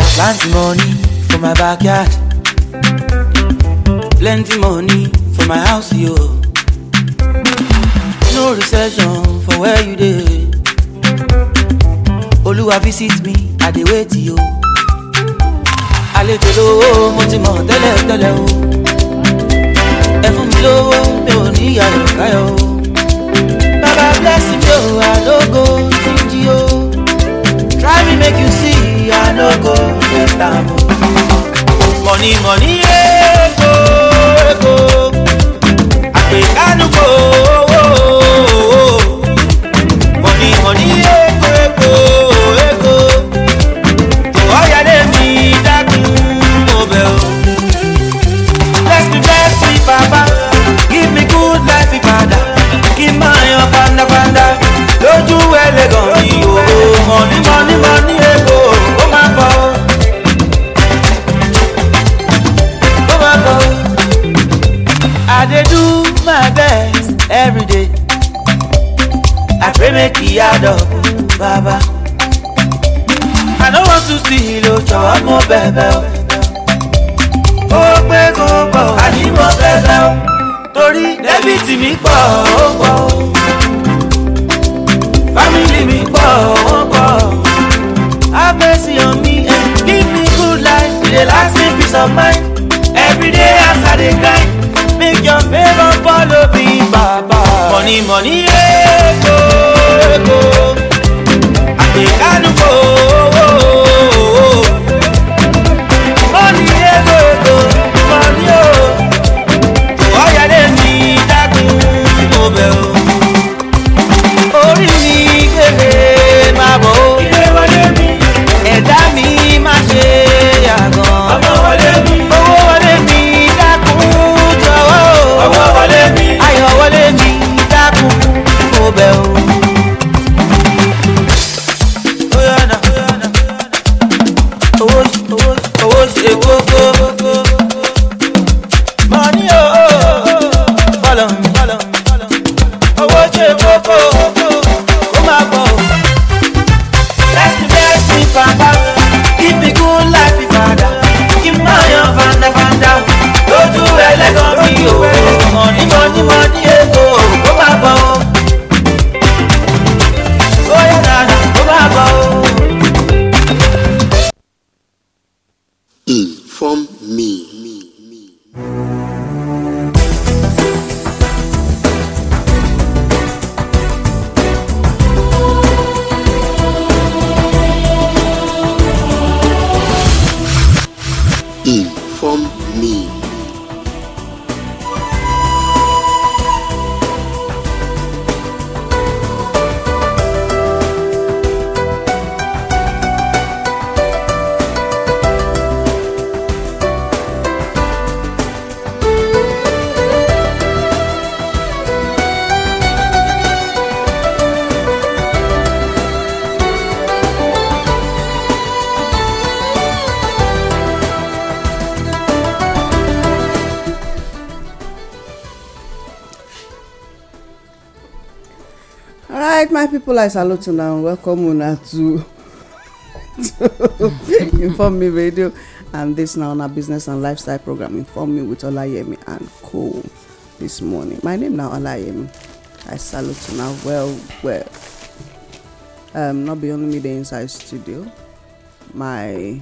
father plenty money for my backyard plenty money for my house yo no recession for where you dey olúwa visit me i dey wait yo àlejò lówó mo ti mọ̀ tẹ́lẹ̀ tẹ́lẹ̀ o ẹ fún mi lówó mi ò ní ìyá ìkáyọ̀ o baba bless me o i no go try me make you see i no go get am money money ego ego àgbékánu kò owó money money ego ego ego ìwọ yàrá mi dákun mo bẹ̀ o. bless me bless me baba give me good life ìpadà kí n máa yan fandafanda lójú ẹlẹ́gàn mi o money money. the add I don't want to see you, Joe, I'm more bebel. Ó pé kó pọ̀, àní mo bẹ̀bẹ̀ o, torí dẹ́bìtì mi pọ̀ ó pọ̀ o. Fámìlì mi pọ̀ ó pọ̀ o. Have mercy on me and eh, give me good life, e last me peace of mind. Every day as I dey grind. make your favor follow me, Baba. Money, money, yeah, oh. go. And the know. right, my people i salute una and welcome una to inform me radio and this na una business and lifestyle program inform me with olayemi and co this morning my name na olayemi i salute una well well um, not be only me dey inside studio my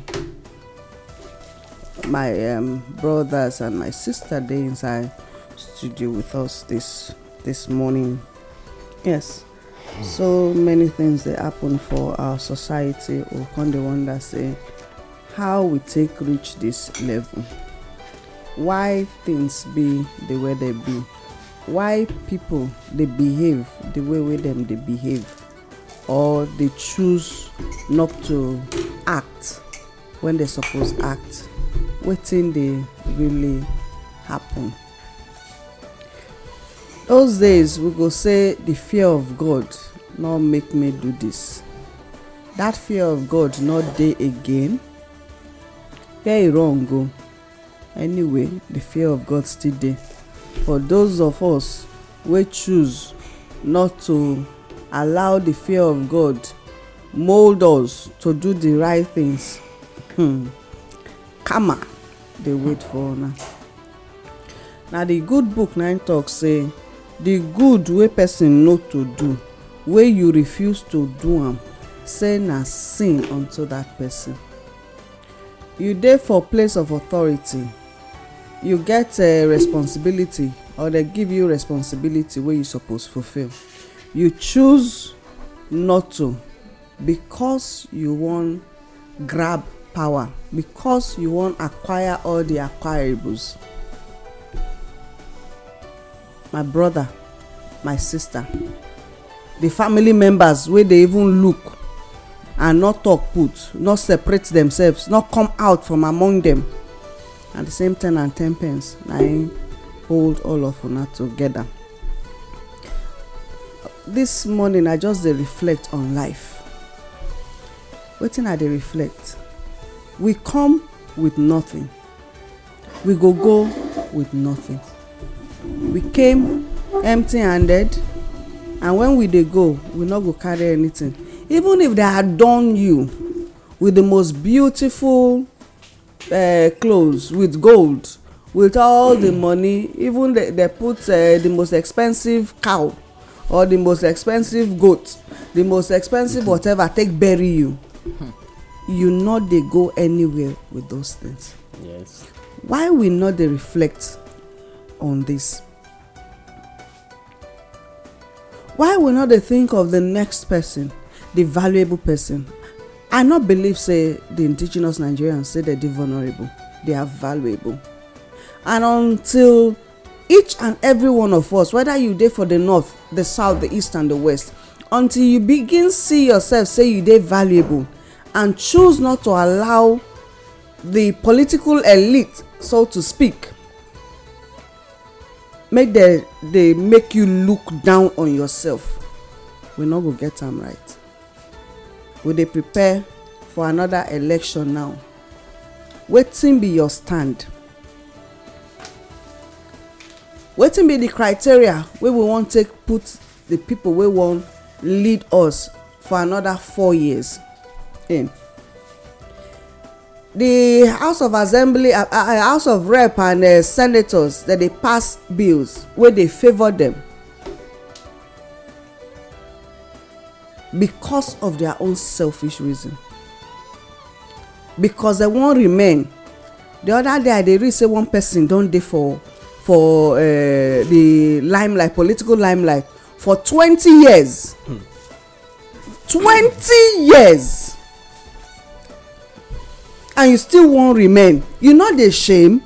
my um, brothers and my sister dey inside studio with us this this morning yes So many things they happen for our society. We can the wonder say how we take reach this level. Why things be the way they be. Why people they behave the way way them they behave or they choose not to act when they suppose act. Waiting they really happen those days we go say the fear of god no make me do this that fear of god no dey again where e run go anyway the fear of god still dey for those of us wey choose not to allow the fear of god mold us to do the right things hmm karma dey wait for una na the good book nine im talk say the good wey person know to do wey you refuse to do am say na sin unto that person you dey for place of authority you get a eh, responsibility or they give you responsibility wey you suppose fulfil you choose not to because you wan grab power because you wan acquire all the acquirables my brother my sister the family members wey dey even look and not talk put not separate themselves not come out from among them at the same ten and ten pence na him hold all of una together this morning i just dey reflect on life wetin i dey reflect we come with nothing we go go with nothing we came empty handed and when we dey go we no go carry anything even if they adorn you with the most beautiful uh, clothes with gold with all the money even they, they put uh, the most expensive cow or the most expensive goat the most expensive mm-hmm. whatever take bury you you no dey go anywhere with those things yes. why we no dey reflect on this why will not they think of the next person the valuable person i not believe say the indigenous nigerians say dem dey vulnerable they are valuable and until each and every one of us whether you dey for the north the south the east and the west until you begin see yourself say you dey valuable and choose not to allow the political elite so to speak make dem dey make you look down on yourself we no go get am right we dey prepare for another election now wetin be your stand wetin be the criteria wey we wan take put di pipo wey wan lead us for another four years in the house of assembly uh, uh, uh, house of rep and uh, senators dem dey pass bills wey dey favour dem because of their own selfish reason because dem wan remain the other day i dey read say one person don dey for for uh, the limelight political limelight for twenty years hmm. twenty hmm. years and you still wan remain you no dey shame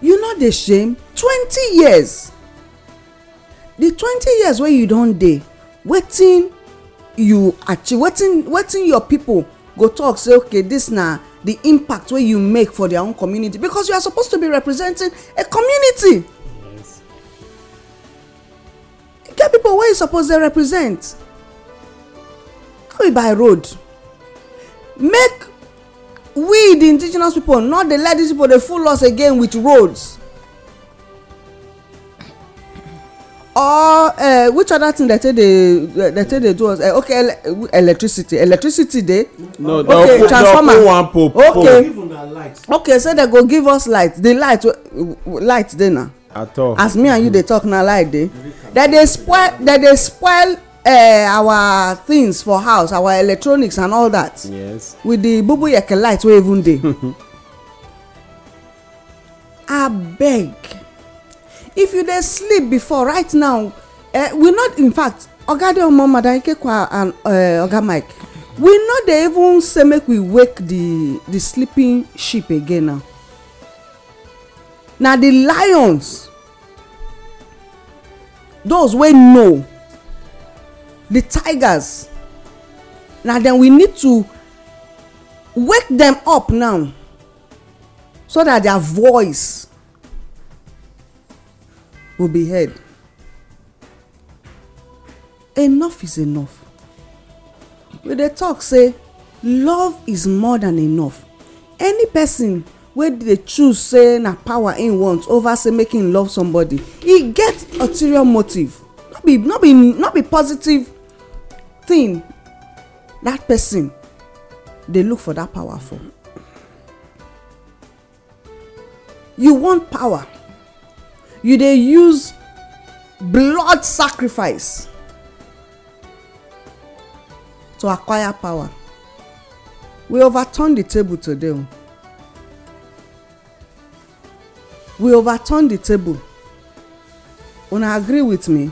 you no dey shame twenty years the twenty years wey you don dey wetin you achieve wetin wetin your people go talk say okay this na the impact wey you make for their own community because you are supposed to be representing a community yes. e get people wey you suppose dey represent no be by road make we the indigenous people not dey let dis people dey fool us again with roads or uh, which other thing dem take dey do us uh, okay electricity electricity dey no okay transformer okay okay say dem go give us light the light light dey na at all as me and you dey talk na light dey dem dey spoil spoil uh, our things for house our electronics and all that yes with the bubu yeke light wey even dey abeg if you dey sleep before right now uh, we not in fact oga de omo madam ikekwa and uh, oga mike we no dey even say make we wake the the sleeping sheep again now na the lions those wey know the tigers na then we need to wake them up now so that their voice will be heard enough is enough we dey talk say love is more than enough any person wey dey choose say na power im want over say make im love somebody e get ulterior motive no be no be no be positive thing that person dey look for that power for you want power you dey use blood sacrifice to acquire power we overturn the table today o we overturn the table una agree with me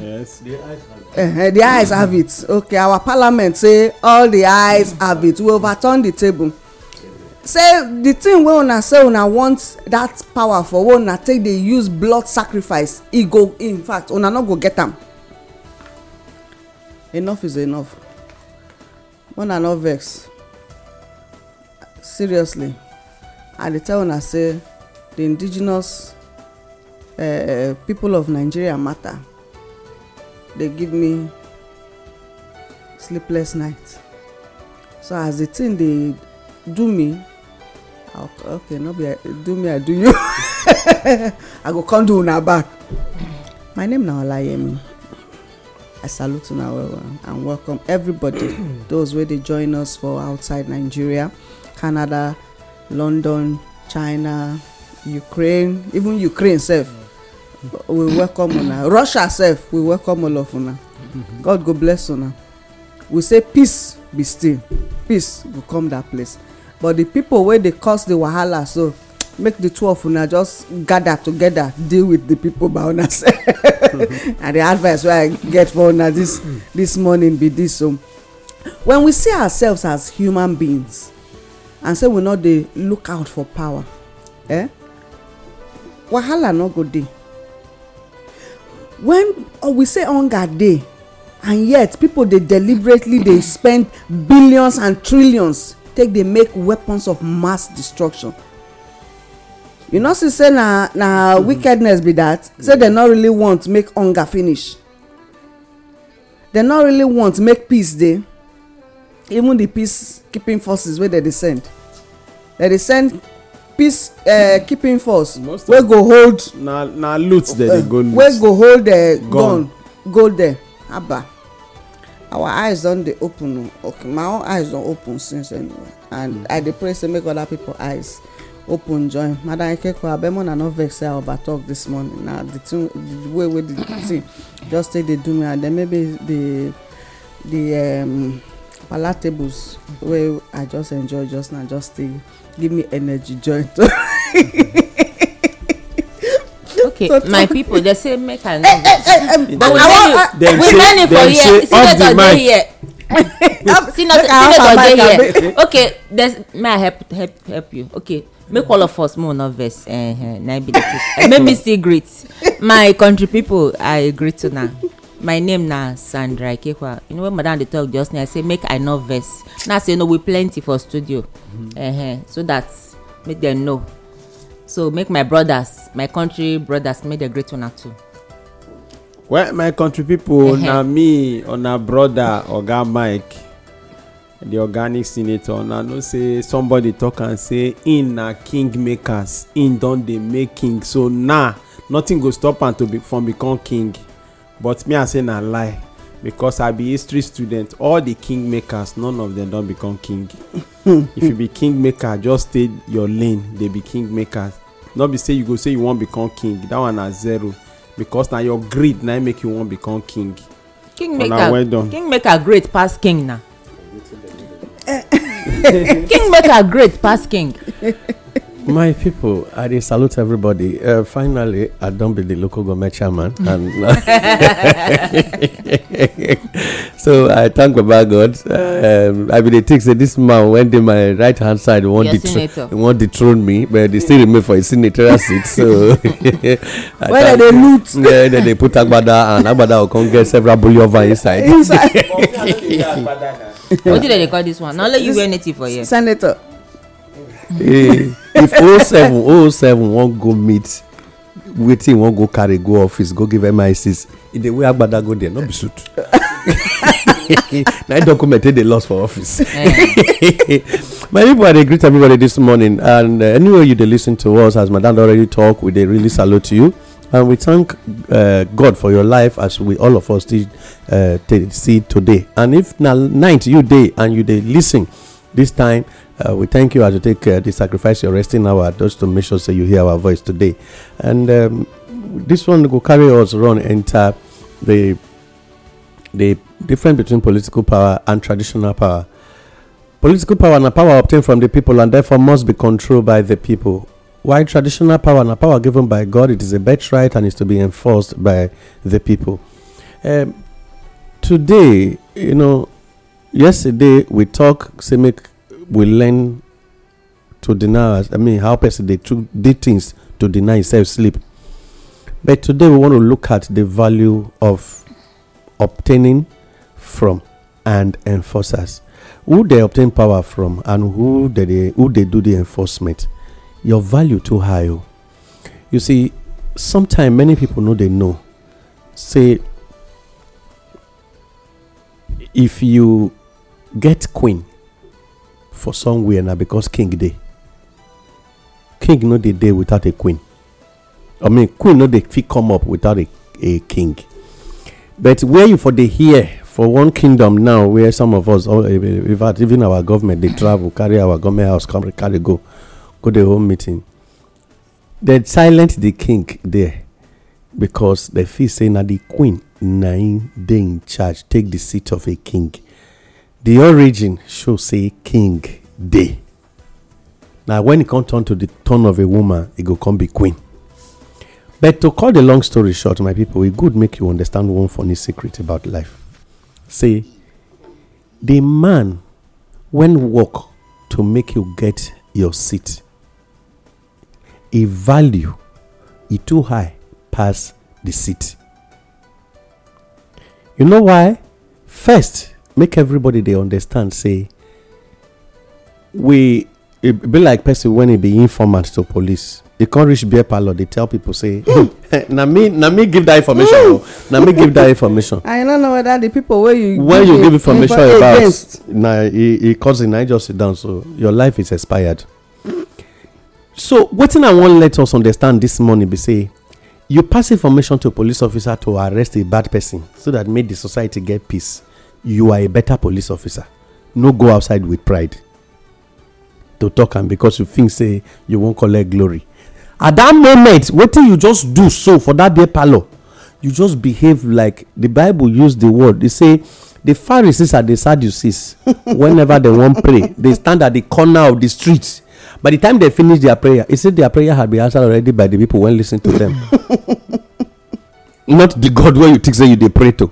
yes the eyes have it. Eh, eh, the eyes have it okay our parliament say all the eyes have it we overturn the table say the thing wey una say una want that power for wey una take dey use blood sacrifice e go in fact una no go get am enough is enough una no vex seriously i dey tell una say the indigenous uh, people of nigeria matter dey give me sleepless night so as the thing dey do me okay, okay no be i do me i do you i go come do una back my name na olayemi i salute una well well and welcome everybody those wey dey join us for outside nigeria canada london china ukraine even ukraine sef we welcome una russia sef we welcome all of una god go bless una we say peace be still peace go come that place but the people wey dey cause the wahala so make the two of una just gather together deal with the people by una sef and the advice wey i get for una this morning be this: so, when we see ourselves as human beings and say we no dey look out for power eh wahala no go dey when oh, we say hunger dey and yet people dey deliberately dey spend billions and trillions take dey make weapons of mass destruction you know see say na na hmm. wickedness be that say dem no really want make hunger finish dem no really want make peace dey even the peace keeping forces wey dem dey send dem dey send peace eh, keeping force wey go hold na loot dem dey eh, go loot wey go hold eh, gun go there haba our eyes don dey open o oh. okay my own eyes don open since anyway and hmm. i dey pray say make other people eyes open join madam ikeko abemona no vex say i over talk this morning na the thing the way wey the thing just take dey do me and then maybe the the um palatables wey i just enjoy just now just still give me energy joint. okay so my people dey say make i eh, eh, know eh, but we many uh, we many for here senator dey here senator dey here okay may i help help help you okay make all of us more nervous na be the truth make me still greet my country people i greet una my name na sandra ikekwa you know when madam dey talk just now i say make i no vex now say no we plenty for studio mm -hmm. uh -huh. so that make dem know so make my brothers my country brothers make dem greet una too. well my country people uh -huh. na me una brother oga mike the organic senator una know say somebody talk am say im na king makers im don dey make king so now nah, nothing go stop am be, from become king but me i say na lie because i be history student all the kingmakers none of them don become king if you be kingmaker just stay your lane dey be kingmakers no be say you go say you wan become king that one na zero because na your greed na make you wan become king kingmaker kingmaker great pass king na kingmaker great pass king My people, I salute everybody. Uh, finally, I don't be the local government chairman. Mm. And so I thank Baba God. Um, I be the take say this man went in my right hand side want detr- want dethrone me, but they still remain for a senator seat. So where they loot? Yeah, then they put Agbada and Agbada will come get several bullion over inside. inside. what did they call this one? Now let you wear native for you Senator. Eh, if 07 07 wan go meet wetin wan go carry go office go give misc e dey wear agbada go there no be suit na document dey lost for office eh. my people i dey greet everybody this morning and uh, anywhere you dey listen to us as madam already talk we dey really salute you and we thank uh, god for your life as we all of us still uh, see today and if na night you dey and you dey listen This time, uh, we thank you as you take uh, the sacrifice You're resting hour just to make sure say you hear our voice today. And um, this one will carry us around. enter the the difference between political power and traditional power. Political power and power obtained from the people and therefore must be controlled by the people. While traditional power and power given by God, it is a birthright and is to be enforced by the people. Um, today, you know, yesterday we talk say make we learn to deny us i mean how person dey do things to deny himself sleep but today we want to look at the value of obtaining from and enforcers who dey obtain power from and who dey who dey do the enforcement your value too high o oh. you see sometimes many people no dey know say if you get queen for somewhere na because king dey king no dey dey without a queen i mean queen no dey fit come up without a a king but where you for dey hear for one kingdom now where some of us eh, eh, even our government dey travel carry our government house come carry go go the home meeting dem silent the king there because dem feel say na the queen na im dey in charge take the seat of a king the origin show say king dey Now, when e come turn to the turn of a woman e go come be queen but to cut the long story short my people e good make you understand one funny secret about life say the man when work to make you get your seat a value e too high pass the seat you know why first make everybody they understand say we e be like person when he be informant to police e come reach beer parlor They tell people say na me na me give that information o na me give that information i no know whether the people wey you when you give information about na he cousin na e, e just sit down so your life is expired so wetin i wan let us understand this morning be say you pass information to police officer to arrest a bad person so that make the society get peace you are a better police officer no go outside with pride to talk am because you think say you wan collect glory at that moment wetin you just do so for that beer parlour you just behave like the bible use the word e say the pharisees are the sadducees whenever they wan pray they stand at the corner of the street by the time they finish their prayer e say their prayer had been answered already by the people wey lis ten to them. not the god wey you think say you dey pray to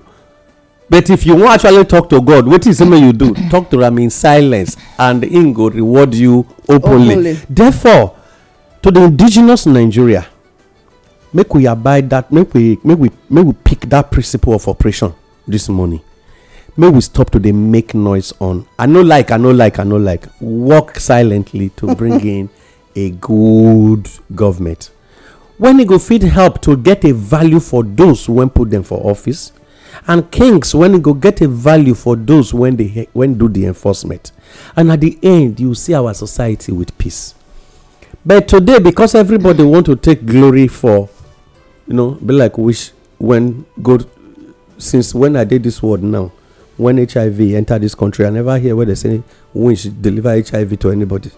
but if you wan actually talk to god wetin say make you do talk to am in silence and him go reward you openly therefore to the indigenous nigeria make we abide that make we make we make we pick that principle of operation this morning May we stop to dey make noise on i no like i no like i no like work silently to bring in a good government when e go fit help to get a value for those wey put dem for office and kings when go get a value for those when they when do the enforcement and at the end you see our society with peace but today because everybody want to take glory for you know be like wish when god since when i did this word now when hiv enter this country i never hear where they say wish deliver hiv to anybody.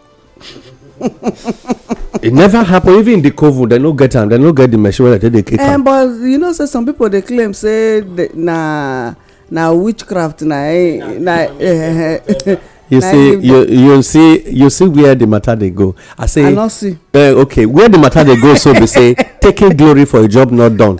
it never happen even in the covid dem no get am dem no get the machine wey dem take dey eh, kick am. but you know say some people dey claim say na na witchcraft na eh, na. Eh, you see you you see you see where the matter dey go i say i no see. Uh, okay where the matter dey go so be say taking glory for a job not done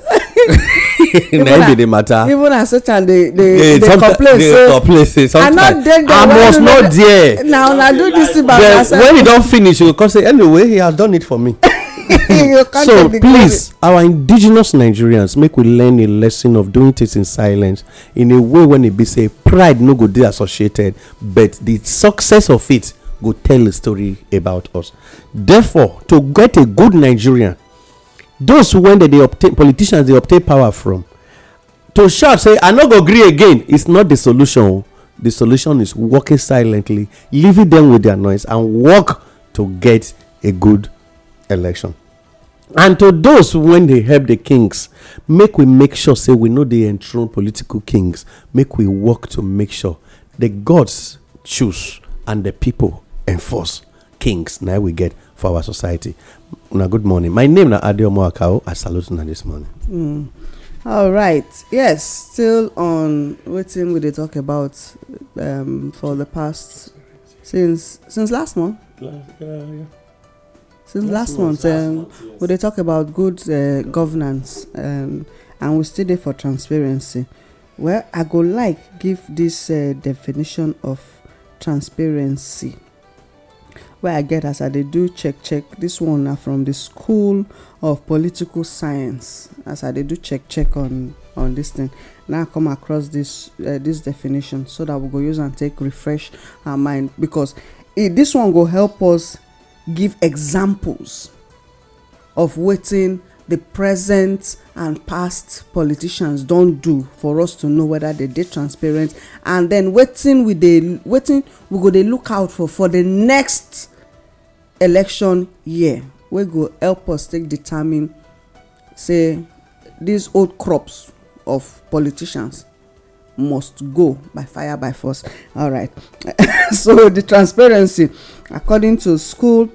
na be the matter even as satan dey dey dey complain say complain say sometimes i was not there na una do this thing by yourself when you don finish you go come say anyway he has done it for me so please our indigenous nigerians make we learn a lesson of doing things in silence in a way when e be say pride no go dey associated but the success of it go tell a story about us therefore to get a good nigerian those when they obtain politicians they obtain power from to shout say i no go gree again is not the solution oh. the solution is working silently leaving them with their noise and work to get a good election and to those when they help the kings make we make sure say we know the enthroned political kings make we work to make sure the gods choose and the people enforce kings Now we get for our society Una good morning. My name is Adeomo Akao. I salute you this morning. Mm. All right. Yes, still on waiting we they talk about um, for the past since since last month. Since last, last month, month, um, month yes. we they talk about good uh, governance um, and we still there for transparency. Well, I go like give this uh, definition of transparency wey i get as i dey do check check this one na from the school of political science as i dey do check check on on this thing now i come across this uh, this definition so that we go use am take refresh our mind because e dis one go help us give examples of wetin the present and past politicians don do for us to know whether they dey transparent and then wetin we dey wetin we go dey look out for for the next election year wey go help us take determine say these old crops of politicians must go by fire by force all right so the transparency according to school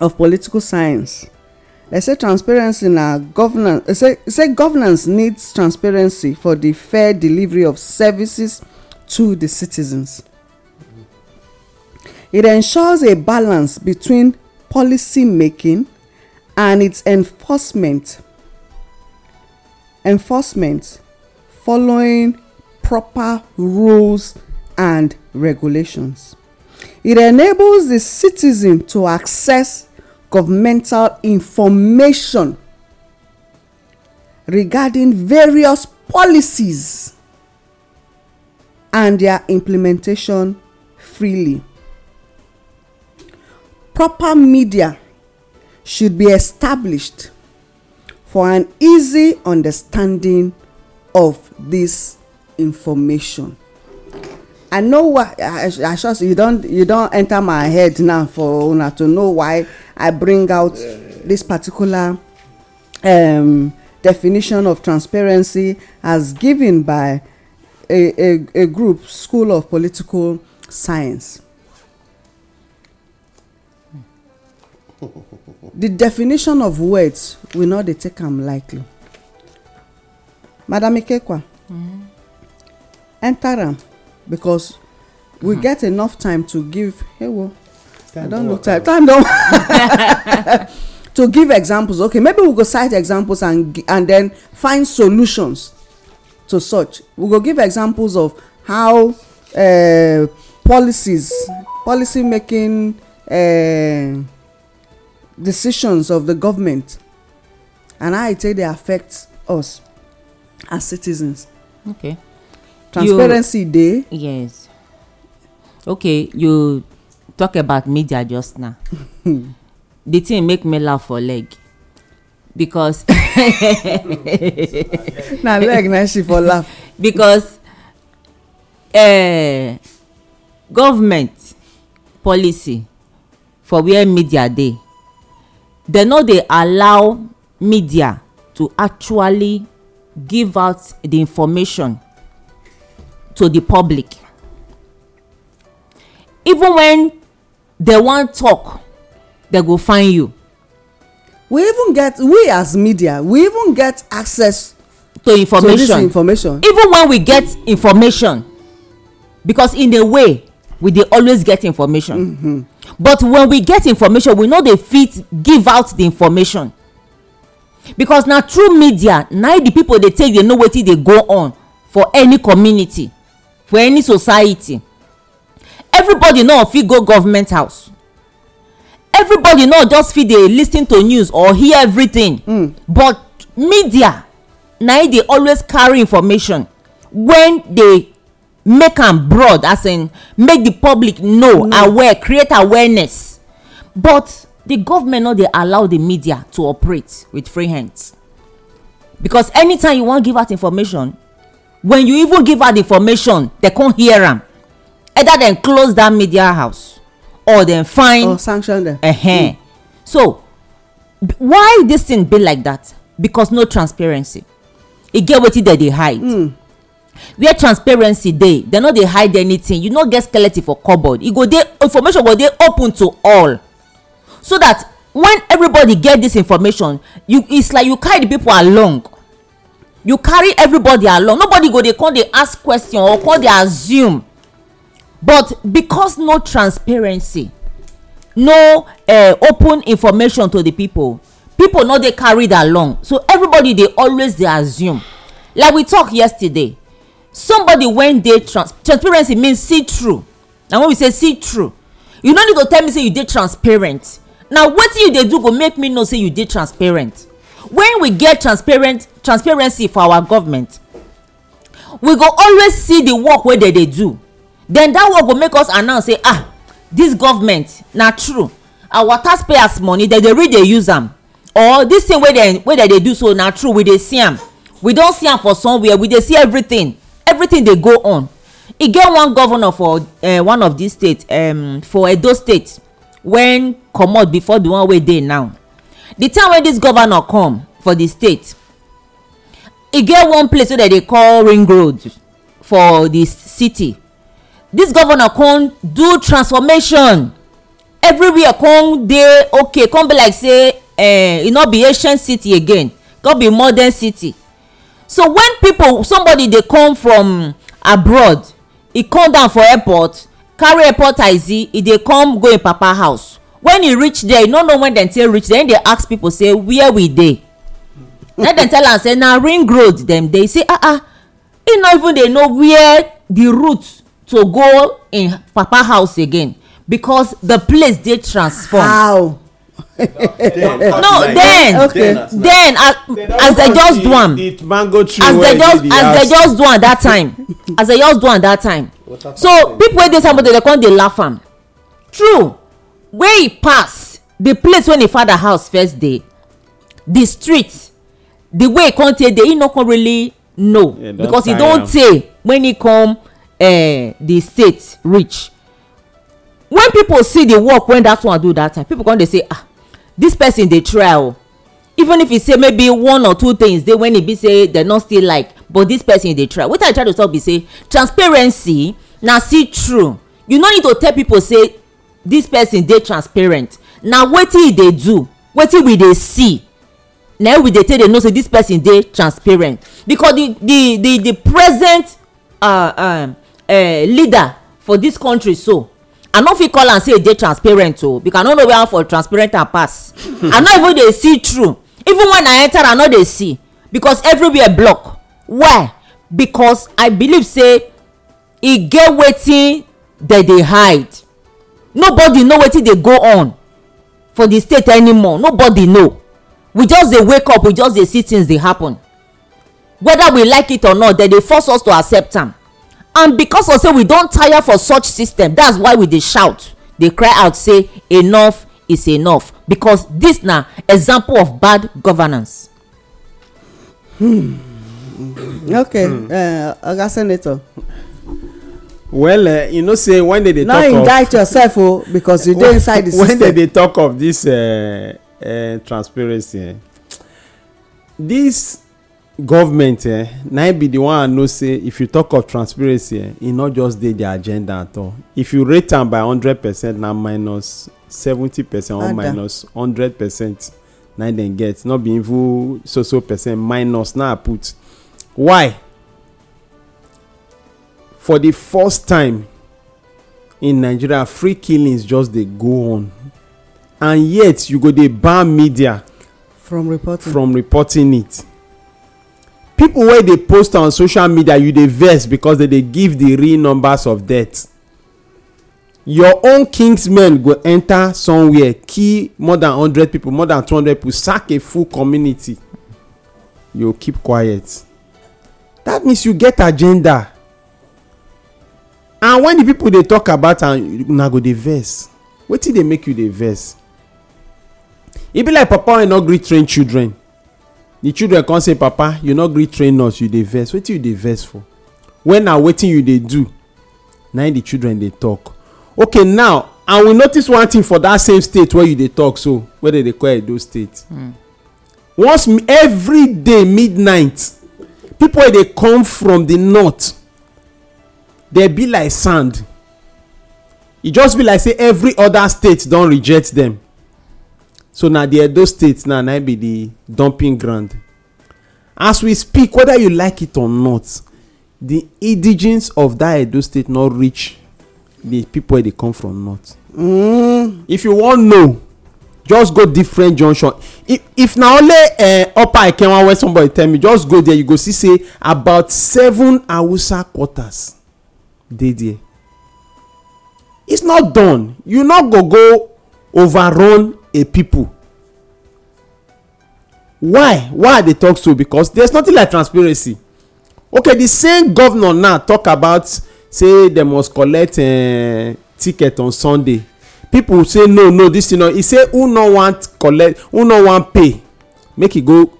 of political science I say transparency na governance say, I say governance needs transparency for the fair delivery of services to the citizens. It ensures a balance between policy making and its enforcement enforcement following proper rules and regulations. It enables the citizen to access governmental information regarding various policies and their implementation freely. Proper media should be established for an easy understanding of this information i know why i i sure you don you don enter my head now for una to know why i bring out yeah, yeah. this particular um, definition of transparency as given by a, a, a group school of political science the definition of words we no dey take am lightly madam ikekwa mm -hmm. enter am because we mm. get enough time to give hey well time i don't know time time don to give examples okay maybe we go cite examples and and then find solutions to such we go give examples of how uh, policies policy making uh, decisions of the government and how it take dey affect us as citizens. okay transparency Day. yes okay you talk about media just now the thing make me laugh for leg because na leg na she for laugh because uh, government policy for where media dey dem no dey allow media to actually give out the information to the public even when they wan talk they go find you. we even get we as media we even get access. to information to this information even when we get information because in a way we dey always get information mm -hmm. but when we get information we no dey fit give out the information because na through media na the people dey take dey know wetin dey go on for any community for any society everybody no fit go government house everybody no just fit dey lis ten to news or hear everything mm. but media na e dey always carry information wen dey make am broad as in make the public know mm. aware create awareness but the government no dey allow the media to operate with free hands because anytime you wan give out information when you even give her the information they come hear am either dem close that media house or dem fine or sanction dem uh -huh. mm. so why dis thing be like that because no transparency e get wetin dem dey hide mm. where transparency dey dem no dey hide anything you no get skeleton for cupboard e go dey information go dey open to all so that when everybody get this information you it's like you carry the people along you carry everybody along nobody go dey come dey ask question or come dey assume but because no transparency no uh, open information to the people people no dey carried along so everybody dey always dey assume like we talk yesterday somebody wen dey trans transparency mean see through na when we say see through you no need to tell me say you dey transparent na wetin you dey do go make me know say you dey transparent when we get transparent transparency for our government we go always see the work wey dem dey do then that work go make us announce say ah this government na true our taxpayers money dem dey really dey use am or this thing wey dem wey dem dey do so na true we dey see am we don see am for somewhere we dey see everything everything dey go on e get one governor for uh, one of these states um, for edo state wen comot before the one wey dey now the time wey this governor come for the state e get one place wey dem dey call ring road for di city This governor come do transformation everywhere come dey okay come be like say eh, e no be ancient city again come be modern city so when people somebody dey come from abroad e come down for airport carry airport id e dey come go im papa house when you reach there you no know when dem take reach there, e dey ask people say where we dey then dem tell am say na ring road dem dey say ah ah e no even dey know where the route to go im papa house again because the place dey transform. how. no then then as, as they just do am as they just as they just do am that time as they just do am that time so people wey dey somebody dey come dey laugh am true wey e pass the place wey the father house first dey the street the way e come take dey e no come really know yeah, because e don tey when e come uh, the state reach when people see the work wey that one do that time people come dey say ah this person dey try o oh. even if e say maybe one or two things dey when e be say dem no still like but this person dey try wetin i try to talk be say transparency na see true you no need to tell people say This person dey transparent na wetin e dey do wetin we dey see na we dey take dey know say this person dey transparent because the the the the present uh, um, uh, leader for this country so i no fit call am say e dey transparent o because i no know where for transparent am pass i no even dey see true even when i enter i no dey see because everywhere block why because i believe say e get wetin dem dey hide nobody know wetin dey go on for the state anymore nobody know we just dey wake up we just dey see things dey happen whether we like it or not dem dey force us to accept am and because of say we don tire for such system that's why we dey shout dey cry out say enough is enough because this na example of bad governance. Hmm. hmm. okay uh, oga uh, senator well uh, you know say when they dey talk of now indict yourself o oh, because you dey inside the system when they dey talk of this uh, uh, transparency eh this government eh na be the one i know say if you talk of transparency eh e no just dey their agenda at all if you rate am by hundred percent na minus seventy percent or minus hundred percent na dem get no be even so so percent minus na put why for the first time in nigeria free killings just dey go on and yet you go dey ban media from reporting from reporting it people wey dey post on social media you dey vex because they dey give the real numbers of deaths. your own kingsmen go enter somewhere kill more than hundred people more than two hundred people sack a full community you keep quiet that means you get agenda and when the people dey talk about am una go dey vex wetin dey make you dey vex e be like papa wey no gree train children The children come say papa you no gree train us you dey vex wetin you dey vex for when na wetin you dey do na the children dey talk okay now and we notice one thing for that same state where you dey talk so where they dey call edo state hmm. once every day midnight people wey dey come from the north dey be like sand e just be like say every other state don reject dem so na di edo state now na e be di dumping ground as we speak whether you like it or not di indigens of dat edo state no reach di pipo wey dey come from north mm. if you wan know just go different junction if if na only eh, upper ikenwa wey somebody tell me just go there you go see say about seven hausa quarters dey there it's not done you no go go overrun a people why why i dey talk so because there's nothing like transparency okay the same governor now talk about say dem must collect uh, ticket on sunday people say no no this thing no he say who no wan collect who no wan pay make he go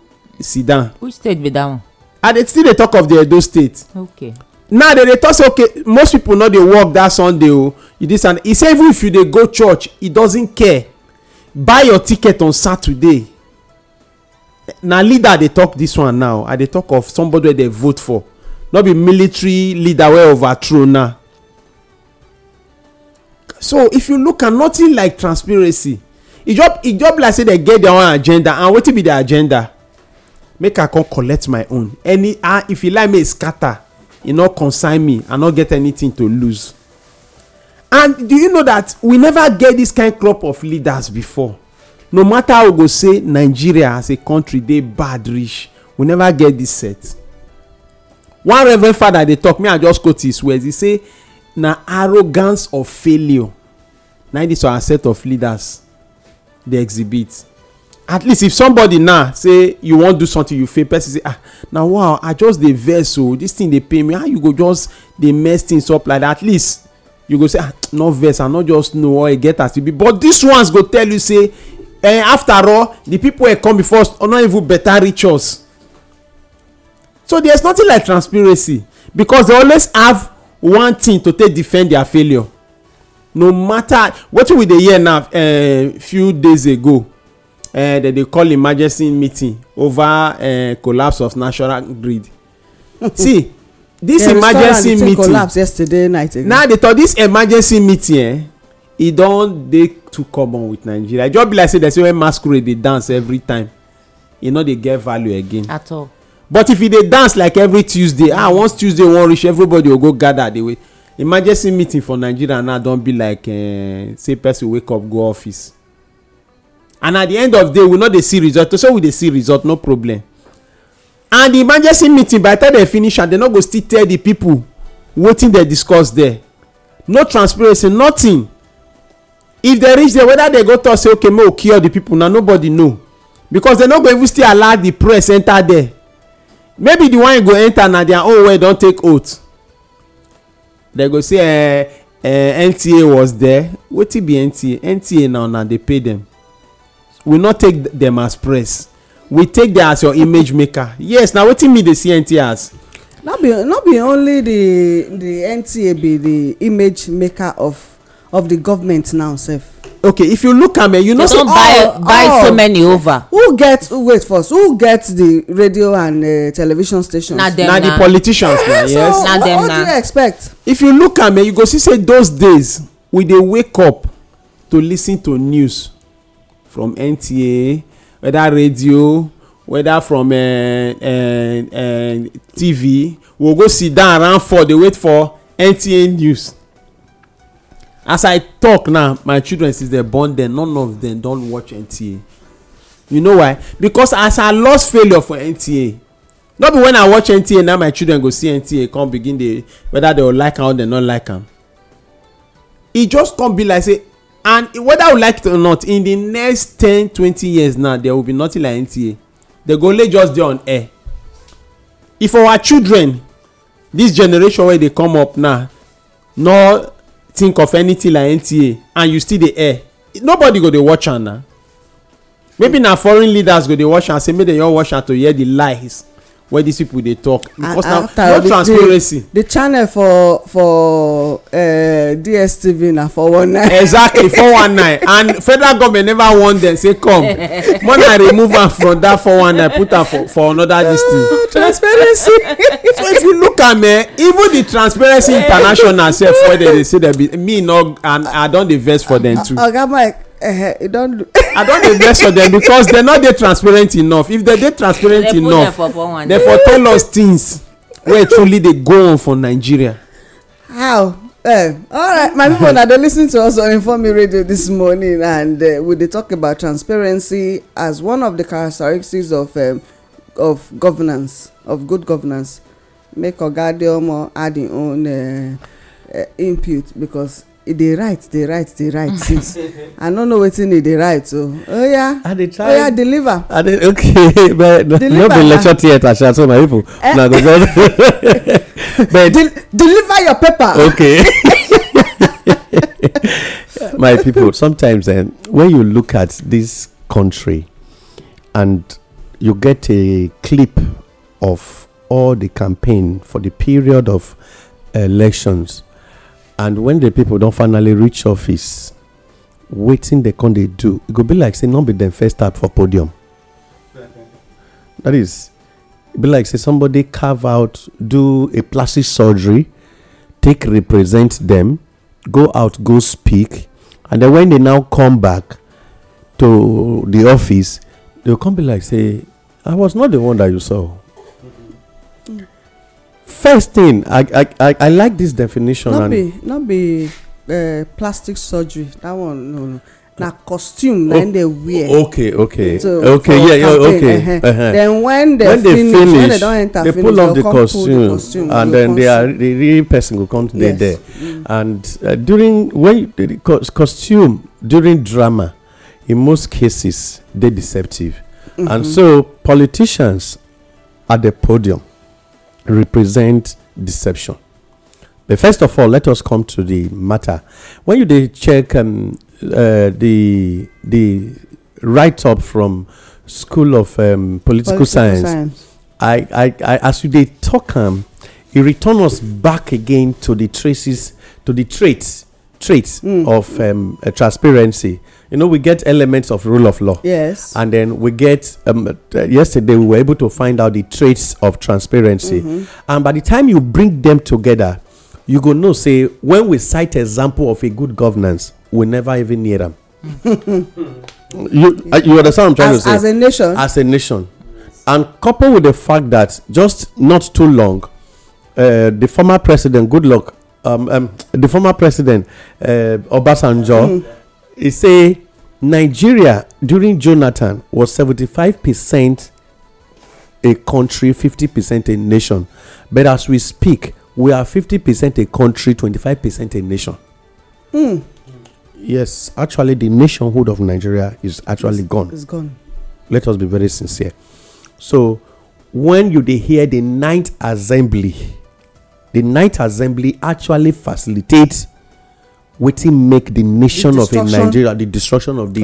sit down. which state be that one. i dey still dey talk of the edo state. okay now they dey talk say okay most people no dey work that sunday o this and e say even if you dey go church he doesn't care buy your ticket on saturday na leader dey talk this one now i dey talk of somebody wey dey vote for no be military leader wey overthrow now so if you look at nothing like transparency e just e just be like say dem get their own agenda and wetin be their agenda make i come collect my own any ah if you like me scatter e no consign me i no get anything to lose and do you know that we never get this kind crop of leaders before no matter how we go say nigeria as a country dey bad reach we never get this set one reverend father dey talk me i just quote his words he say na arrogance of failure na this our set of leaders dey exhibit at least if somebody now say you wan do something you fail person say ah na wow i just dey vex o this thing dey pain me how you go just dey mess things up like that at least you go say ah no vex i no just know how e get as e be but these ones go tell you say eh after all the people wey come before us no even better reach us so there's nothing like transparency because they always have one thing to take defend their failure no matter wetin we dey hear na uh, eh, few days ago uh, eh, that they call emergency meeting over uh, collapse of national grid see this yeah, emergency meeting collapse yesterday night now they talk this emergency meeting eh, e don dey too common with nigeria e just be like say dem say when masquerade dey dance every time e no dey get value again at all but if e dey dance like every tuesday ah once tuesday wan reach everybody go go gather dey wait emergency meeting for nigeria now don be like uh, say person wake up go office and at the end of the day we no dey see result so we dey see result no problem and the emergency meeting by the time they finish am they no go still tell the people wetin dem discuss there no transparency nothing if they reach there whether they go talk say okay make we cure the people na nobody know because they no go even still allow the press enter there maybe the one go enter na their own way don take oath They go say eh, eh, nta was there wetin be nta nta now na dey pay them we no take dem as press. we take dem as your image maker yes na wetin me dey see nt as. no be no be only the the nta be the image maker of of the government now sef. okay if you look am you know say all all buy so many over. who get wait first who get the radio and uh, television stations. na dem na na the politicians na yes. na dem na so what do you expect. if you look am you go see say those days we dey wake up to lis ten to news from nta whether radio whether from uh, eh, uh, eh, uh, eh, tv we we'll go sit down around four dey wait for nta news as i talk now my children since dem born dem none of dem don watch nta you know why because as i lost failure for nta no be when i watch nta now my children go see nta come begin dey whether dem like am or they no like am e just come be like say and whether we like it or not in the next ten twenty years now there will be nothing like nta They go lay just dey on air if our children this generation wey dey come up now no think of anything like nta and you still dey air nobody go dey watch am na maybe na foreign leaders go dey watch am say make dem just watch am to hear the lies where these people dey talk ah, because now ah, no transparency. the channel for for uh, eh, dstv na for one nine. exactly four one nine and federal government never warn them say come money i remove am from that four one nine put am for for another dis thing. Ah, transparency so if you look am eh even the transparency international sef wey dem dey say dem be me no and i don dey vex for dem too. oga mike eh e don do i don dey vex for dem because dem no dey transparent enough if dem dey transparent enough dem for tell us things wey truly dey go on for nigeria how eh All right, my people na dey listen to us on informe radio this morning and eh, we dey talk about transparency as one of the characteristics of eh, of governance of good governance make oga adeomo add im own eh, input because e dey write dey write dey write since i no know wetin e dey write o oya oya deliver okay but no be lecture theatre sha so my people eh? na go just but deliver your paper okay my people sometimes eh, when you look at this country and you get a clip of all the campaign for the period of eh, elections and when the people don finally reach office wetin they come dey do e go be like say no be dem first start for podium that is e be like say somebody carve out do a plastic surgery take represent dem go out go speak and then when they now come back to the office they come be like say i was not the one that you saw first thing i i i, I like this definition. no be no be uh, plastic surgery that one no no na costume na dem oh, dey wear. okay okay so okay yeah yeah okay. Uh -huh. Uh -huh. then when they, when they finish, finish when they don enter they finish pull off the costume, pull the costume and then they are the real person go come dey yes. there mm. and uh, during when the costume during drama in most cases dey deceptive mm -hmm. and mm-hmm. so politicians at the podium represent deception. But first of all, let us come to the matter. When you they check um, uh, the the write up from School of um, Political, Political Science, Science, I, I, I as you they talk um, it e return us back again to the traces to the traits traits mm. of um, uh, transparency you know, we get elements of rule of law. Yes. And then we get, um, uh, yesterday we were able to find out the traits of transparency. Mm-hmm. And by the time you bring them together, you go no. say, when we cite example of a good governance, we never even hear them. you, uh, you understand I'm trying as, to say? As a nation. As a nation. And coupled with the fact that just not too long, uh, the former president, good luck, um, um, the former president, uh, Obasanjo, mm-hmm He say Nigeria during Jonathan was seventy five percent a country, fifty percent a nation. But as we speak, we are fifty percent a country, twenty five percent a nation. Mm. Yes, actually, the nationhood of Nigeria is actually it's, gone. It's gone. Let us be very sincere. So, when you dey hear the ninth assembly, the ninth assembly actually facilitates wetin make the nation of nigeria the destruction of the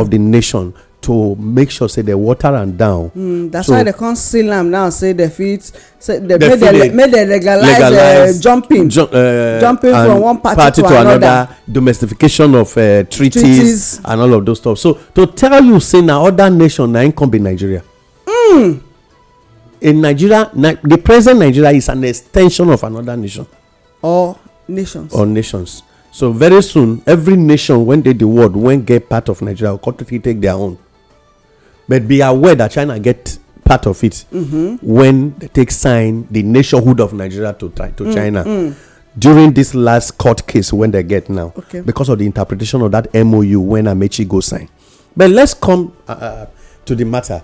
of the nation to make sure say dem water am down Mm, that's why they come seal am now say they fit say make dem uh, legalize jumping uh, jumping from one party to another domestication of uh, treaties and all of those stuff so to tell you say na other nation na im come be nigeria Mm. in nigeria the present nigeria is an extension of another nation or nations or nations so very soon every nation when dey the world when get part of nigeria country fit take their own but be aware that china get part of it mm-hmm. when they take sign the nationhood of nigeria to to mm, china mm. during this last court case when they get now because of the interpretation of that mou when amechi go sign but let's come uh, uh, to the matter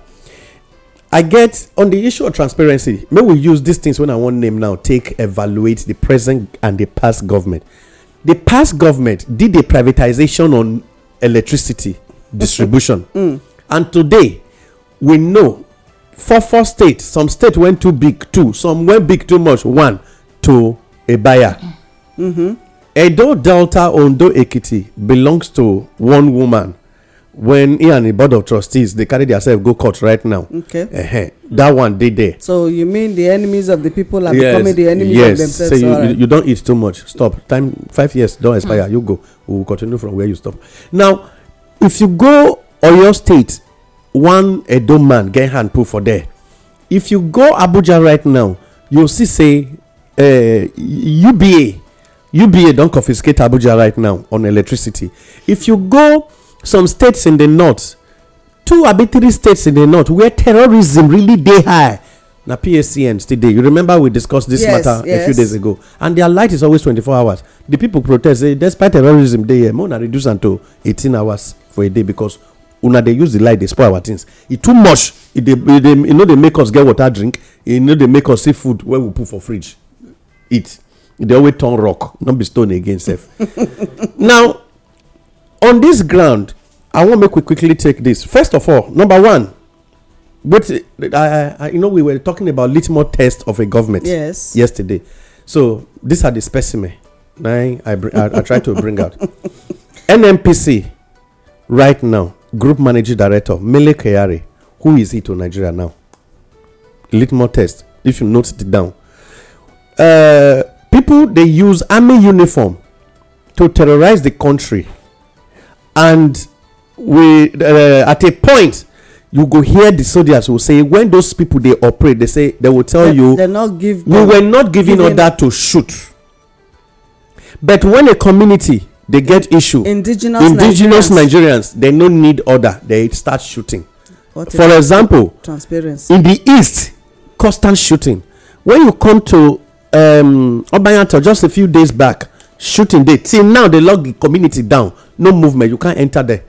i get on the issue of transparency may we use these things when i wan name now take evaluate the present and the past government the past government did a privatization on electricity distribution mm. and today we know for four states some state went too big two some went big too much one to a buyer mm-hmm. edo delta ondo ekiti belongs to one woman when he and the board of trustees dey carry theirself go court right now -huh. that one dey there so you mean the enemies of the people are becoming the enemies of themselves yes say you you don eat too much stop time five years don expire hmm. you go we will continue from where you stop now if you go oyo state one edo man get hand put for there if you go abuja right now you see say eh, uba uba don confiscate abuja right now on electricity if you go some states in the north two abi three states in the north where terrorism really dey high na pscn still dey you remember we discuss this matter a few days ago and their light is always twenty-four hours The people protest say despite terrorism dey here more na reduce am to 18 hours for a day because una dey use the light dey spoil our things e too much e, e, e no dey make us get water drink e no dey make us see food wey we put for fridge eat e dey always turn rock not be stone again sef now on this ground i wan make we quickly take this. first of all number one wait i i you know we were talking about litmus test of a government yes yesterday so these are the specimen i i i try to bring out nnpc right now group managing director mele kyari who is he to nigeria now litmus test if you note it down uh, people dey use army uniform to terrorize the country and we uh, at a point you go hear the soldiers will say when those people dey operate they say they will tell they, you they not give we were not giving order to shoot but when a community they get issue indigenous, indigenous nigerians. nigerians they no need order they start shooting what for example transparency in the east constant shooting when you come to um obayanto just a few days back shooting dey till now they lock the community down no movement you can't enter there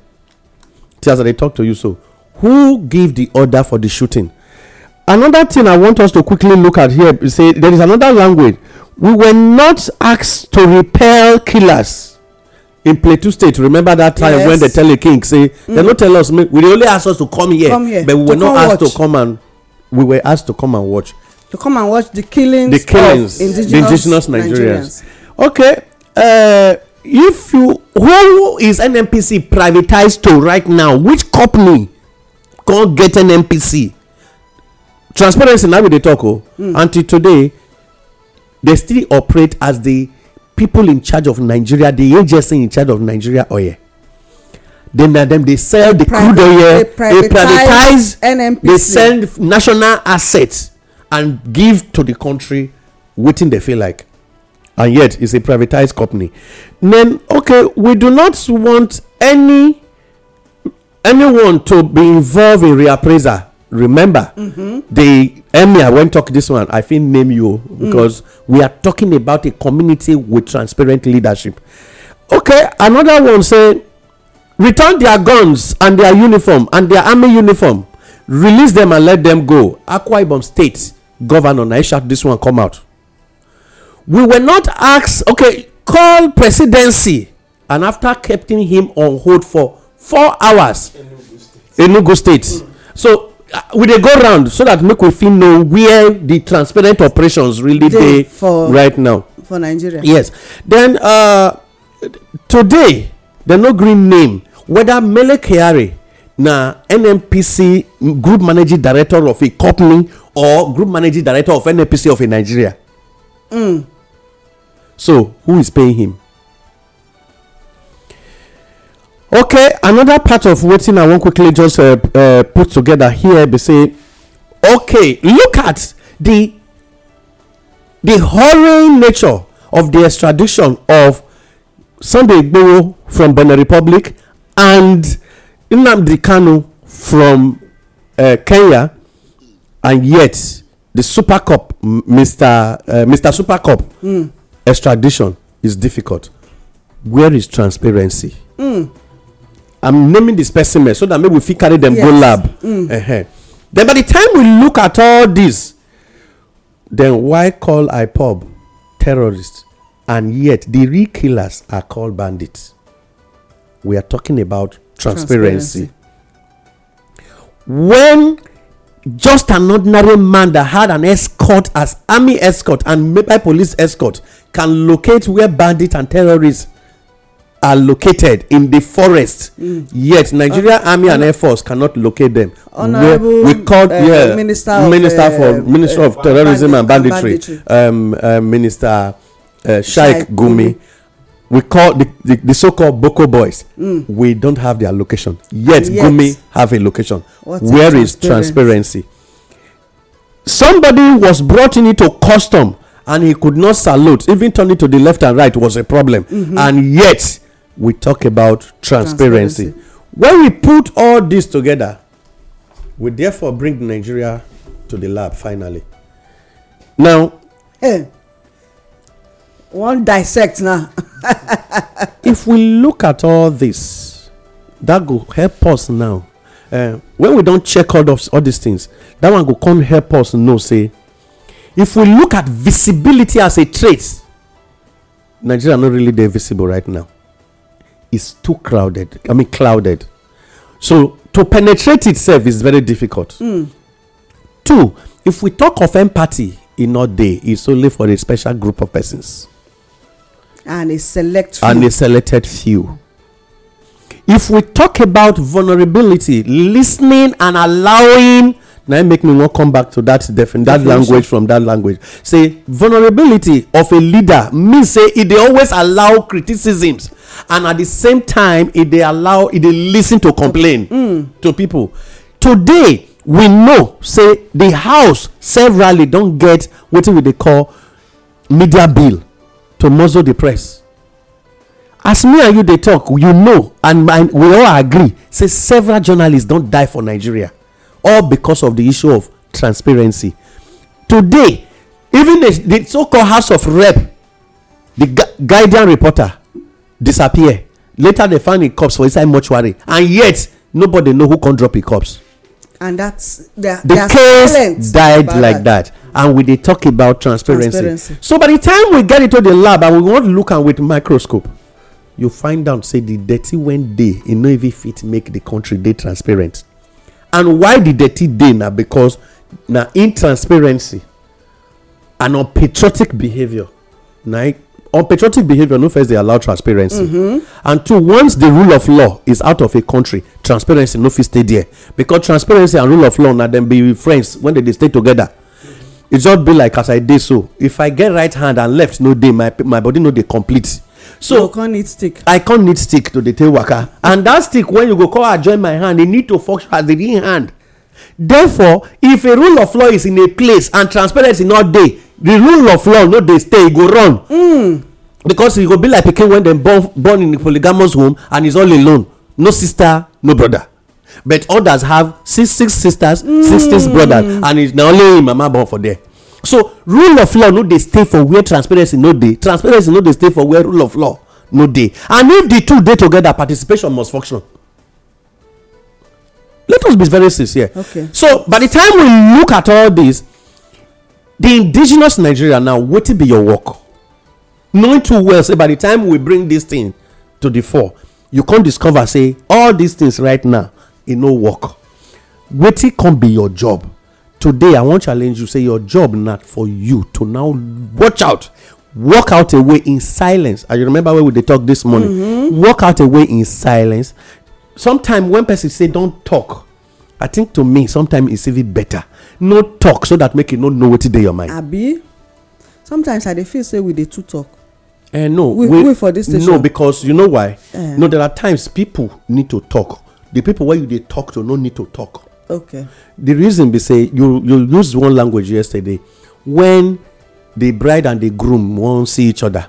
see as they talk to you so who give the order for the shooting another thing i want us to quickly look at here You say there is another language we were not asked to repel killers in plateau state remember that time when they tell the king say they mm. no tell us we only asked us to come here but we were not asked to come and we were asked to come and watch to come and watch the killings The of indigenous nigerians okay Uh, if you who is nnpc privatized to right now which company con get nnpc transparency na we dey talk o oh. until hmm. today dey still operate as the people in charge of nigeria the agency in charge of nigeria oil then na dem dey sell the crude oil They privatize nnpc dey sell national assets and give to the country wetin dey feel like and yet it's a privatized company then okay we do not want any anyone to be involved in reappraisal remember mm-hmm. the emir when talk this one i fit name you mm. because mm. we are talking about a community with transparent leadership okay another one say return their guns and their uniform and their army uniform release them and let them go akwa ibom state governor na shout this one come out we were not asked okay call presidency and after keeping him on hold for four hours enugu state mm. so uh, we dey go round so that make we fit know where the transparent operations really dey right now for nigeria yes then uh, today dem no gree name whether mele kyari na nnpc group managing director of a company or group managing director of nnpc of a nigeria mm. So, who is paying him? Okay, another part of waiting I want quickly just uh, uh, put together here be say, okay, look at the the horrid nature of the extradition of Sunday Igboho from Benin Republic and Nnamdi Kanu from uh, Kenya, and yet the Super Cup, Mr. Uh, Mr. Super Cup, mm extradition is difficult where is transparency hmm. i'm naming the specimen so that maybe we fit carry dem go lab -huh. Hmm. then by the time we look at all this then why call ipob terrorists and yet the real killers are called bandits we are talking about transparency, transparency. when just an ordinary man that had an escort as army escort and maybe police escort can locate where bandits and terrorists are located in the forest mm. yet nigeria uh, army uh, and air force cannot locate them honorable we, called uh, yeah, minister of, minister uh, for minister uh, of terrorism bandit, and banditry, banditry. Um, uh, minister uh, sheikh gumi we call the, the, the so-called boko boys mm. we don't have their location yet, yet gumi have a location what where is transparency somebody was brought in to custom and he could not salute even turning to the left and right was a problem mm-hmm. and yet we talk about transparency. transparency when we put all this together we therefore bring nigeria to the lab finally now hey, one dissect now if we look at all this that will help us now uh, when we don't check all of all these things that one will come help us know say if we look at visibility as a trait nigeria no really dey visible right now it's too crowded i mean clouded so to penetrate itself is very difficult mm. two if we talk of empathy e no dey it's only for a special group of persons and a select few and a selected few if we talk about vulnerability listening and allowing Now make me wan come back to that definition that language from that language say vulnerability of a leader mean say e dey always allow criticisms and at the same time e dey allow e dey listen to complain mm. to people today we know say the house severally don get wetin we dey call media bill to muzzle the press as me and you dey talk you know and we all agree say several journalists don die for nigeria all because of the issue of transparency today even the, the so-called house of rep the gu- guardian reporter disappear later they find the corpse for inside mortuary and yet nobody know who can drop the corpse and that's the, case died like that. that. and we dey talk about transparency. transparency so by the time we get into the lab and we want to look am with microscope you find out say the dirty when dey e no even fit make the country dey transparent and why di dirty dey na becos na intransparency and unpatriotic behaviour na unpatriotic behaviour no first dey allow transparency mm-hmm. and two once the rule of law is out of a country transparency no fit stay there because transparency and rule of law na dem be friends when dem dey stay together e just be like as i dey so if i get right hand and left no dey my my body no dey complete so you con need stick i con need stick to the tail waka and that stick when you go call join my hand e need to function as the real hand therefore if a rule of law is in a place and transparency not dey the rule of law no dey stay e go run mm. because e go be like pikin when dem born born in a polygamous home and he's all alone no sister no brother but others have six six sisters mm. six six hmm. brothers and it's na only him mama born for there so rule of law no dey stay for where transparency no dey transparency no dey stay for where rule of law no dey and if the two dey together participation must function let us be very sincere so by the time we look at all dis the indigenous nigeria now wetin be your work knowing too well say by the time we bring this thing to the fore you come discover say all these things right now e no work wetin come be your job today i wan challenge you say your job na for you to now watch out walk out a way in silence i remember when we dey talk this morning mm-hmm. walk out a way in silence sometimes when person say don talk i think to me sometimes it's even better no talk so that make you no know wetin dey your mind abi sometimes i dey feel say we dey too talk Uh, no wait for this station no because you know why eh. no there are times people need to talk the people wey you dey talk to no need to talk okay the reason be say you you use one language yesterday when the bride and the groom wan see each other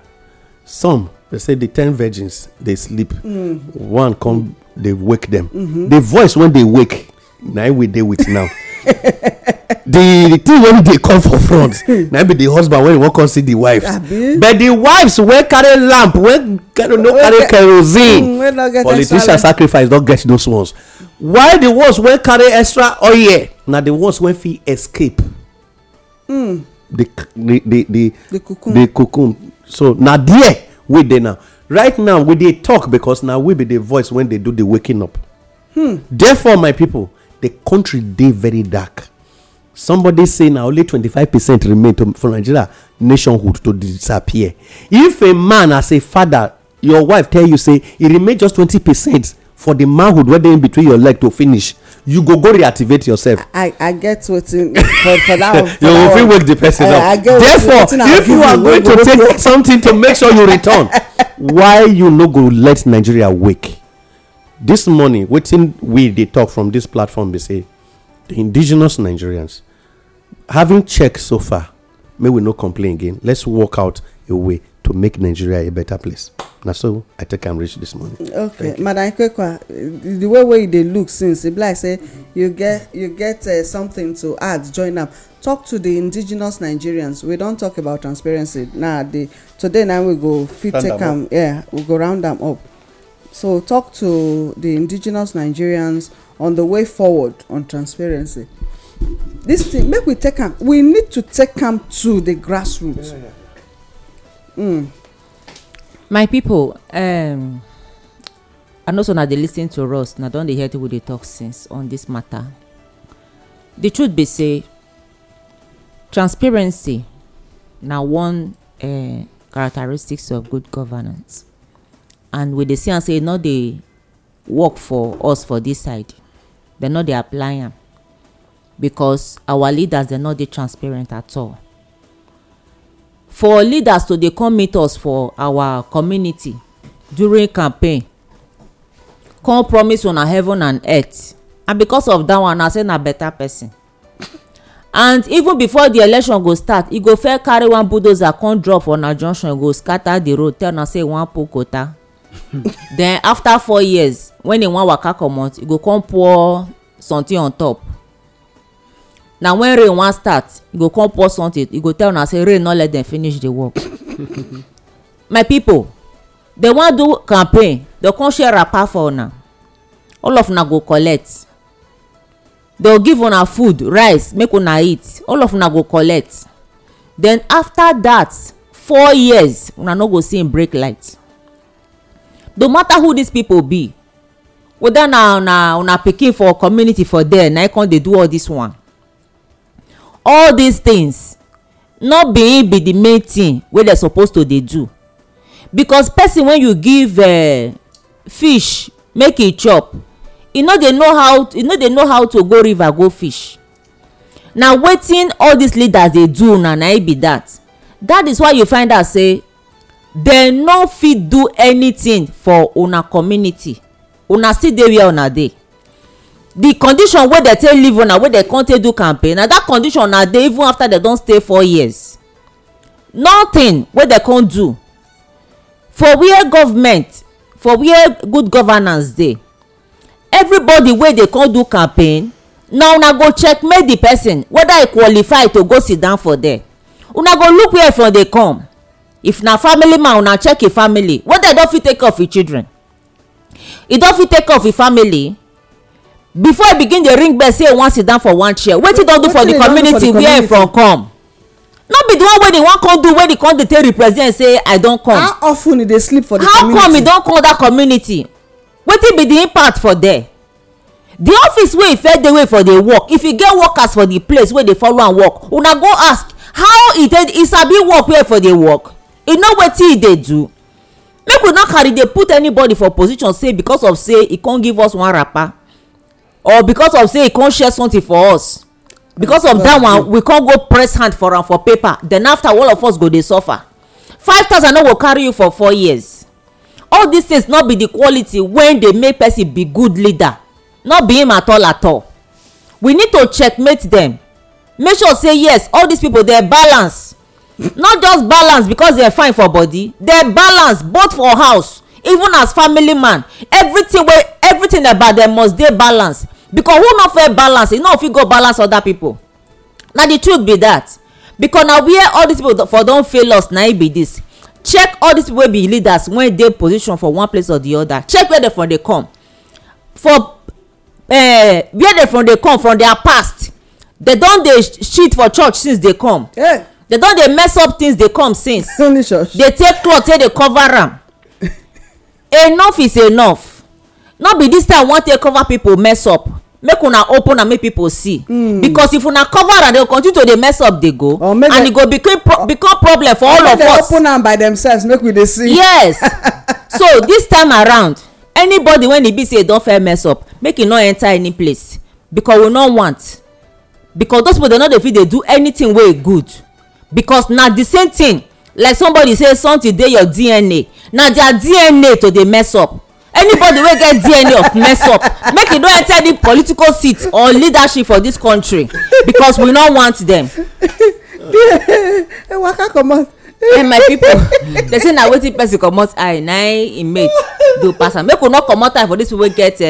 some they say the ten virgins dey sleep mm. one come dey wake dem mm-hmm. the voice wey dey wake na im we dey with now the the thing wey dey come for front na be the husband wey wan come see the wives but the wives wey carry lamp wey no carry kerosene mm, politician sacrifice don get those ones Why the ones wey carry extra oil na the ones wey fit escape hmm. the the the the cocoon The cocoon. so na there we dey now right now we dey talk because na we be the voice when they do the waking up hmm. therefore my people the country dey very dark somebody say na only twenty five percent remain for nigeria nationhood to disappear if a man as a father your wife tell you say e remain just twenty percent for the manhood wey dey in between your leg to finish you go go reactivate yourself. i i get wetin for for that one. you go fit wake the person eh, up therefore if you are going to take something to make sure you return why you no go let nigeria wake this morning wetin we dey talk from this platform be say the indigenous nigerians having checked so far may we no complain again let's work out a way to make nigeria a better place na so i take am reach this morning okay madam ikwekwa the way wey you dey look since e be like say you get you get eh, something to add join am talk to the indigenous nigerians we don talk about transparency na today na we go fit take am yeah we go round am up so talk to the indigenous nigerians on the way forward on transparency This thing make we take am we need to take am to the grassroots mm. my people, um, i know say una dey lis ten to us una don dey hear people dey talk since on this matter the truth be say transparency na one uh, characteristics of good governance and we dey see am say e no dey work for us for this side dem no dey apply am because our leaders dem no dey transparent at all for leaders to dey come meet us for our community during campaign come promise una heaven and earth and because of that one na say na better person and even before the election go start e go fair carry one bulldozer come drop for una junction e go scatter the road tell una say e wan pour quota then after four years when e wan waka comot e go come pour something on top na when rain wan start e go come pour something e go tell una say rain no let dem finish the work my people dem wan do campaign dem come share wrapper for una all of una go collect dem give una food rice make una eat all of una go collect then after that four years una no go see him break light no matter who these people be whether na una una pikin for community for there na e come dey do all this one all these things no be im be the main thing wey dem suppose to dey do because person wey you give uh, fish make e chop e no dey know how e no dey know how to go river go fish na wetin all these leaders dey do na na e be that that is why you find out say dem no fit do anything for una community una still dey where una dey the condition wey dem take leave una wey dem come take do campaign na that condition na dey even after dem don stay four years nothing wey dem come do for where government for where good governance dey everybody wey dey come do campaign na una go check, checkmate the person whether e qualify to go sit down for there una go look where from dey come if na family man una check e family whether e don fit take care of e children e don fit take care of e family before e begin dey ring bell say e wan sit down for one chair wetin don do for di community where e from come no be the one wey e wan come do wey e come dey take represent say i don come how often e dey sleep for di community how come e don call that community wetin be di impact for there The office wey e first dey wey for dey work if e get workers for the place wey dey follow am work una go ask how e take e sabi work where for dey work e know wetin e dey do make we no carry dey put anybody for position say because of say e come give us one wrapper or because of say e come share something for us because of that one we come go press hand for am for paper then after all of us go dey suffer five thousand no go carry you for four years all these things no be the quality wey dey make person be good leader no be him at all at all we need to checkmate them make sure say yes all these people dey balance not just balance because dem fine for body They balance both for house even as family man everything wey everything about them must dey balance because who no fair balance e no fit go balance other people. na the truth be that because na where all these people for don fail us na it be this check all these people wey be leaders wey dey position for one place or the other check where they from dey come for uh, where they from dey come from their past They don dey cheat for church since they come yeah. dem don dey mess up things dey come since They take cloth take dey cover am enough is enough no be this time wan take cover people mess up make una open and make people see. Mm. because if una cover am they go continue to dey mess up dey go. and they, e go become pro become problem for all of us. or make dem open am by themselves make we dey see. yes so this time around anybody wey e be say e don fair mess up make e no enter any place because we no want because those people dey no dey fit dey do anything wey e good because na the same thing like somebody say something dey your dna na their dna to dey mess up anybody wey get dna of mess up make e no enter any political seat or leadership for dis country because we no want dem. waka comot. eh my pipo dey say na wetin person comot eye na im mate do pass am make una comot eye for dis people wey get uh,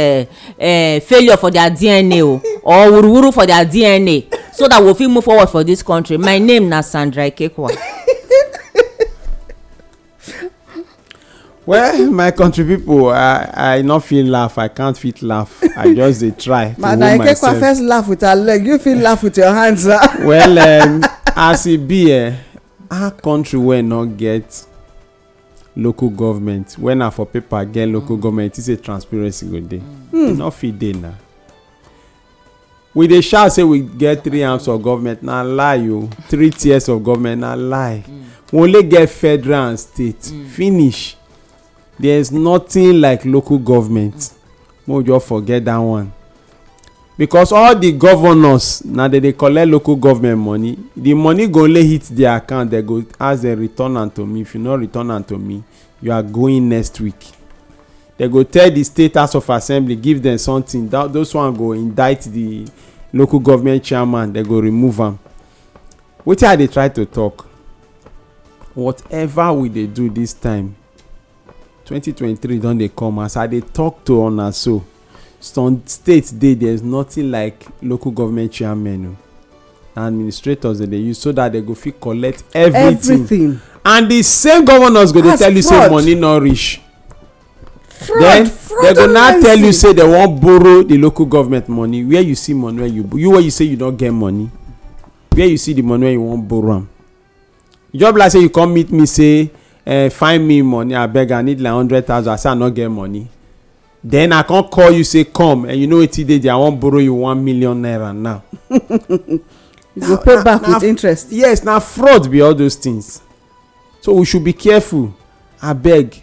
uh, failure for their dna o or wuruwuru for their dna so that we fit move forward for dis country my name na sandra ikekwa. well my country people, i i no fit laugh i can't fit laugh i just dey try to hold myself ekekwa first laugh with her leg you fit laugh with your hands well um, as e be eh our country wey no get local government wey na for paper get local mm. government e say transparency go dey mm. e no fit dey na we dey shout say we get three arms of government na lie o oh. three tiers of government na lie mm. we only get federal and state finish there is nothing like local government make we just forget that one because all the governors na dey dey collect local government money the money go only hit their account they go ask them return am to me if you no return am to me you are going next week they go tell the state house of assembly give them something that those one go indict the local government chairman they go remove am wetin i dey try to talk whatever we dey do this time 2023 don dey come as i dey talk to una so some states dey there is nothing like local government chairmen o na administrators dem dey use so that dem go fit collect everything Everything and the same governors go dey tell you say money no reach then They go now tell you say they wan borrow the local government money where you see money Where you you wey you say you don get money where you see the money Where you wan borrow am just be like say you come meet me say find me money abeg i need like hundred thousand i say i no get money then i come call you say come and you know wetin dey there i wan borrow you one million naira now you go pay back with interest yes na fraud be all those things so we should be careful abeg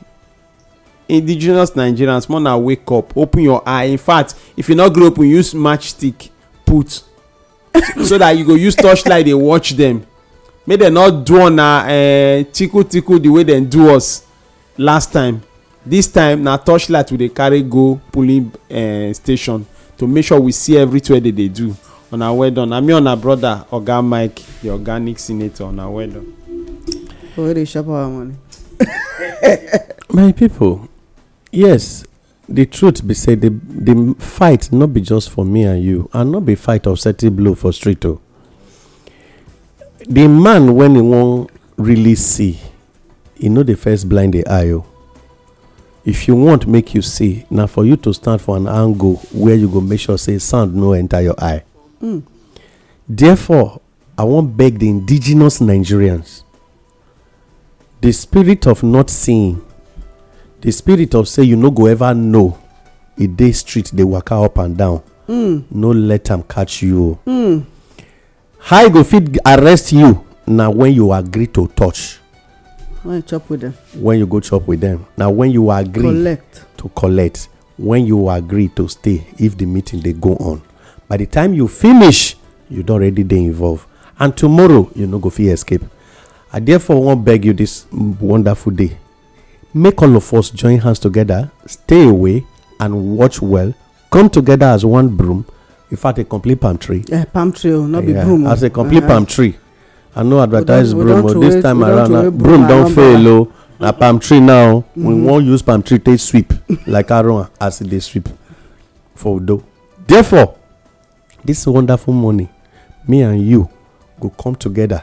indigenous nigerians more na wake up open your eye in fact if you no gree open use matchstick put so that you go use torchlight dey watch them. May dem not do una uh, eh, tiku tiku the way dem do us last time this time na torchlight we dey carry go polling uh, eh, station to make sure we see everywhere they dey do una well done na me una brother oga mike the organic senator una well done. Oh, wey dey sharp our money. my people yes the truth be say the the fight no be just for me and you and no be fight of setting blow for street o. Oh the man when he won't really see he know the first blind the eye Oh, if you want make you see now for you to stand for an angle where you go make sure say sound no enter your eye hmm. therefore i wan beg the indigenous nigerians The spirit of not seeing the spirit of say you no go ever know a e day street they waka up and down hmm. no let them catch you o oh. hmm how e go fit arrest you na when you agree to touch when you chop with them. when you go chop with them. na when you agree Collect to collect when you agree to stay if the meeting dey go on by the time you finish you don already dey involve. and tomorrow you no go fit escape i therefore wan beg you this wonderful day make all of us join hands together stay away and watch well come together as one broom in fact a complete palm tree yeah palm tree o oh, not be broom oh. as a complete palm tree i no advertise broom o this time around uh, broom don fail o oh. na palm tree now mm-hmm. we wan use palm tree take sweep like aron as e dey sweep for odo therefore this wonderful morning me and you go come together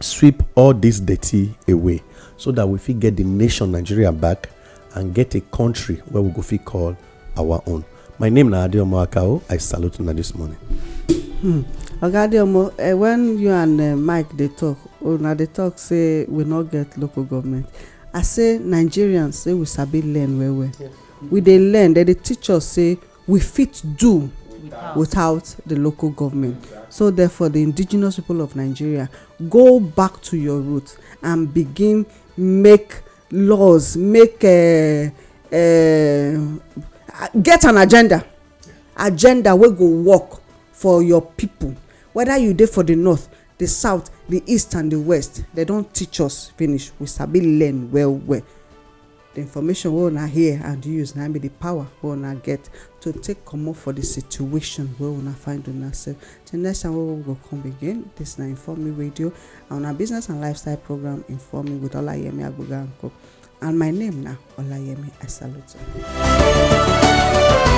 sweep all this dirty away so that we fit get di nation nigeria back and get a country wey we go fit call our own My name na Adiomo Akao. I salute you this morning. Hmm. Oga Adiomo, uh, eh, when you and uh, Mike dey talk, una dey talk say we no get local government. I say Nigerians say we sabi learn well well. Yeah. We dey learn, dem dey teach us say we fit do without, the local government. So therefore the indigenous people of Nigeria go back to your roots and begin make laws, make uh, uh, get an agenda agenda wey go work for your people. whether you dey for the north the south the east and the west They don teach us finish we sabi learn well well the information wey una hear and use na be the power wey una get to take comot for the situation wey una find una sef till next time wey we go come again This na inform radio and una business and lifestyle program inform me with olayemi agboga and co And my name now, Olayemi, I salute you.